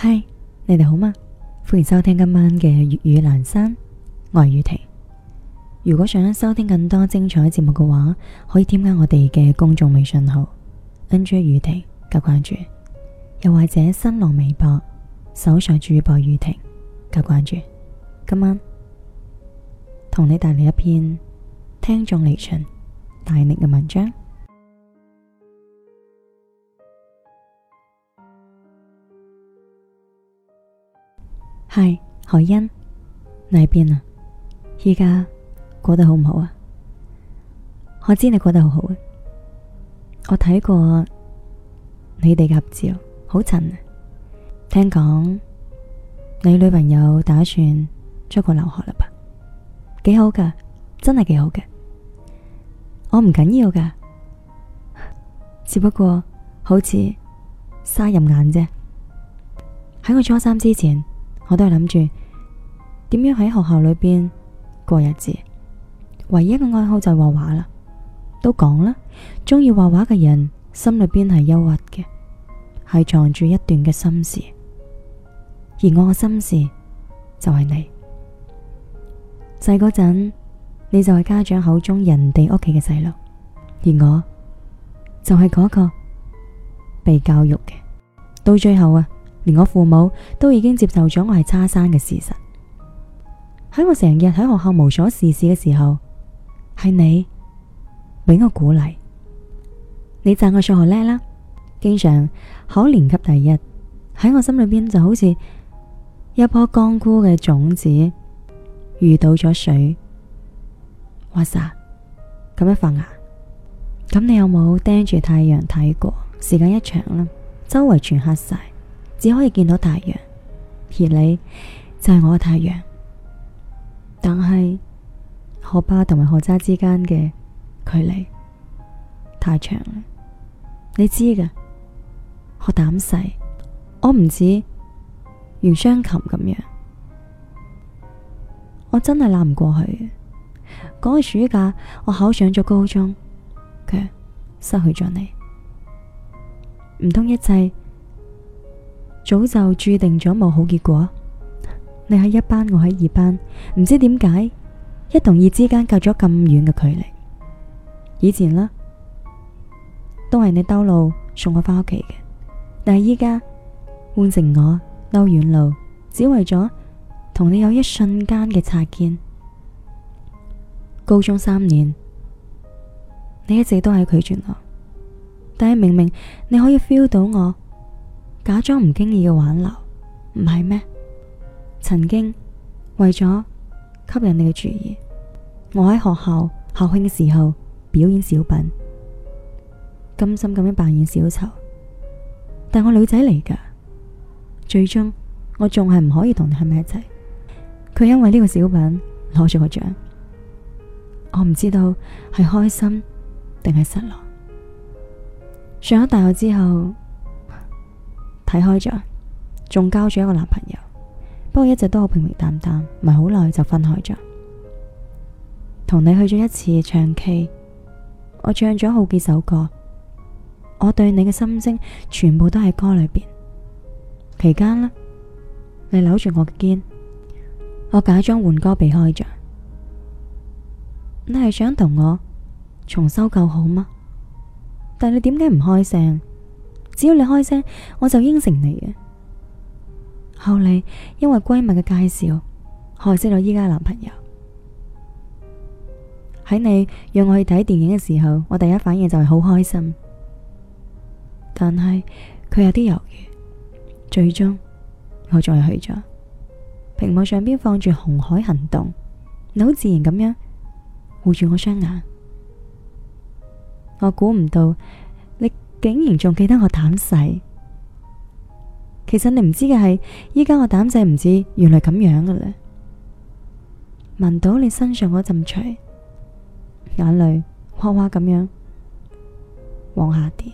嗨，Hi, 你哋好嗎？歡迎收聽今晚嘅粵語南山。我係雨婷。如果想收聽更多精彩節目嘅話，可以添加我哋嘅公眾微信號 N J 雨婷加關注，又或者新浪微博搜索主播雨婷加關注。今晚同你帶嚟一篇聽眾來信大聶嘅文章。嗨，海昕，你喺邊啊？而家過得好唔好啊？我知你過得好好啊。我睇過你哋嘅合照，好襯啊。聽講你女朋友打算出國留學啦吧？幾好噶，真係幾好噶。我唔緊要噶，只不過好似沙入眼啫。喺我初三之前，我都係諗住點樣喺學校裏邊過日子，唯一嘅愛好就係畫畫啦。都講啦，中意畫畫嘅人心裏邊係憂鬱嘅，係藏住一段嘅心事。而我嘅心事就係你。細嗰陣你就係家長口中人哋屋企嘅細路，而我就係嗰個被教育嘅。到最後啊，連我父母都已經接受咗我係差生嘅事實。喺我成日喺學校無所事事嘅時候，係你俾我鼓勵，你讚我數學叻啦，經常考年級第一。喺我心裏邊就好似一棵乾枯嘅種子遇到咗水，哇！撒咁樣發芽。咁你有冇盯住太陽睇過？時間一長啦，周圍全黑晒。只可以見到太陽，而你就係我嘅太陽。但係學霸同埋學渣之間嘅距離太長啦，你知㗎。我膽細，我唔似袁湘琴咁樣，我真係攬唔過去嘅。起、那個、暑假，我考上咗高中，卻失去咗你，唔通一切。早就注定咗冇好結果。你喺一班，我喺二班，唔知點解一同二之間隔咗咁遠嘅距離。以前啦，都係你兜路送我返屋企嘅，但係依家換成我兜遠路，只為咗同你有一瞬間嘅擦肩。高中三年，你一直都喺拒絕我，但係明明你可以 feel 到我。假裝唔經意嘅挽留，唔係咩？曾經為咗吸引你嘅注意，我喺學校校慶嘅時候表演小品，甘心咁樣扮演小丑。但我女仔嚟㗎，最終我仲係唔可以同你喺埋一齊。佢因為呢個小品攞咗個獎，我唔知道係開心定係失落。上咗大學之後。睇開咗，仲交咗一個男朋友，不過一直都好平平淡淡，淡，唔係好耐就分開咗。同你去咗一次唱 K，我唱咗好幾首歌，我對你嘅心聲全部都喺歌裏邊。期間呢，你摟住我嘅肩，我假裝換歌避開咗。你係想同我重修舊好嗎？但你點解唔開聲？只要你開聲，我就應承你嘅。後嚟因為閨蜜嘅介紹，認識咗依家嘅男朋友。喺你約我去睇電影嘅時候，我第一反應就係好開心。但係佢有啲猶豫，最終我仲係去咗。屏幕上邊放住《紅海行動》，你好自然咁樣護住我雙眼。我估唔到。竟然仲記得我膽細。其實你唔知嘅係，依家我膽細唔知原來咁樣嘅咧。聞到你身上嗰陣味，眼淚嘩嘩咁樣往下跌。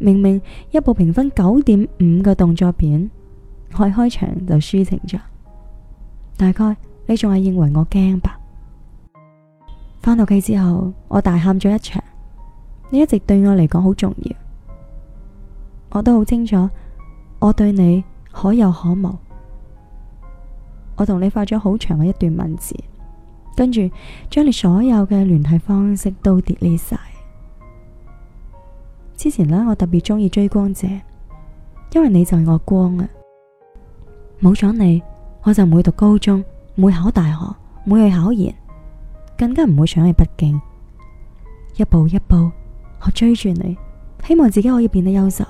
明明一部評分九點五嘅動作片，開開場就抒情咗。大概你仲係認為我驚吧？返到屋企之後，我大喊咗一場。你一直對我嚟講好重要，我都好清楚。我對你可有可無。我同你發咗好長嘅一段文字，跟住將你所有嘅聯繫方式都 delete 晒。之前呢，我特別中意追光者，因為你就係我光啊。冇咗你，我就唔會讀高中，唔會考大學，唔會去考研，更加唔會想去北京。一步一步。我追住你，希望自己可以變得優秀，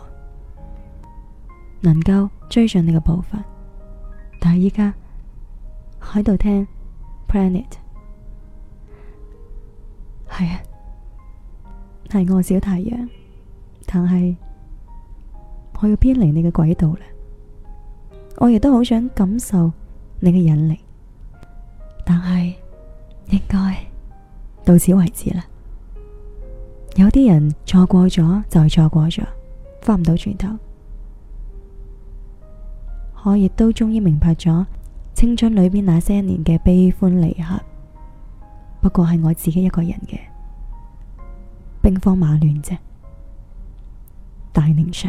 能夠追上你嘅步伐。但係依家喺度聽 Planet，係啊，係我小太陽，但係我要偏離你嘅軌道啦。我亦都好想感受你嘅引力，但係應該到此為止啦。有啲人錯過咗就係、是、錯過咗，翻唔到轉頭。我亦都終於明白咗，青春裏邊那些年嘅悲歡離合，不過係我自己一個人嘅兵荒馬亂啫，大年上。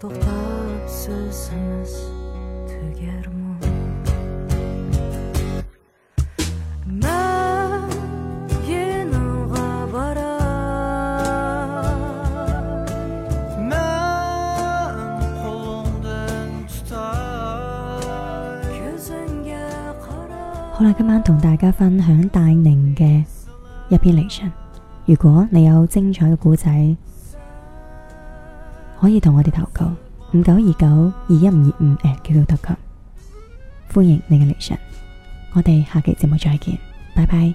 好啦，今晚同大家分享大寧嘅一篇嚟信。如果你有精彩嘅故仔，可以同我哋投稿五九二九二一五二五 QQ 投稿，歡迎你嘅嚟信。我哋下期節目再見，拜拜。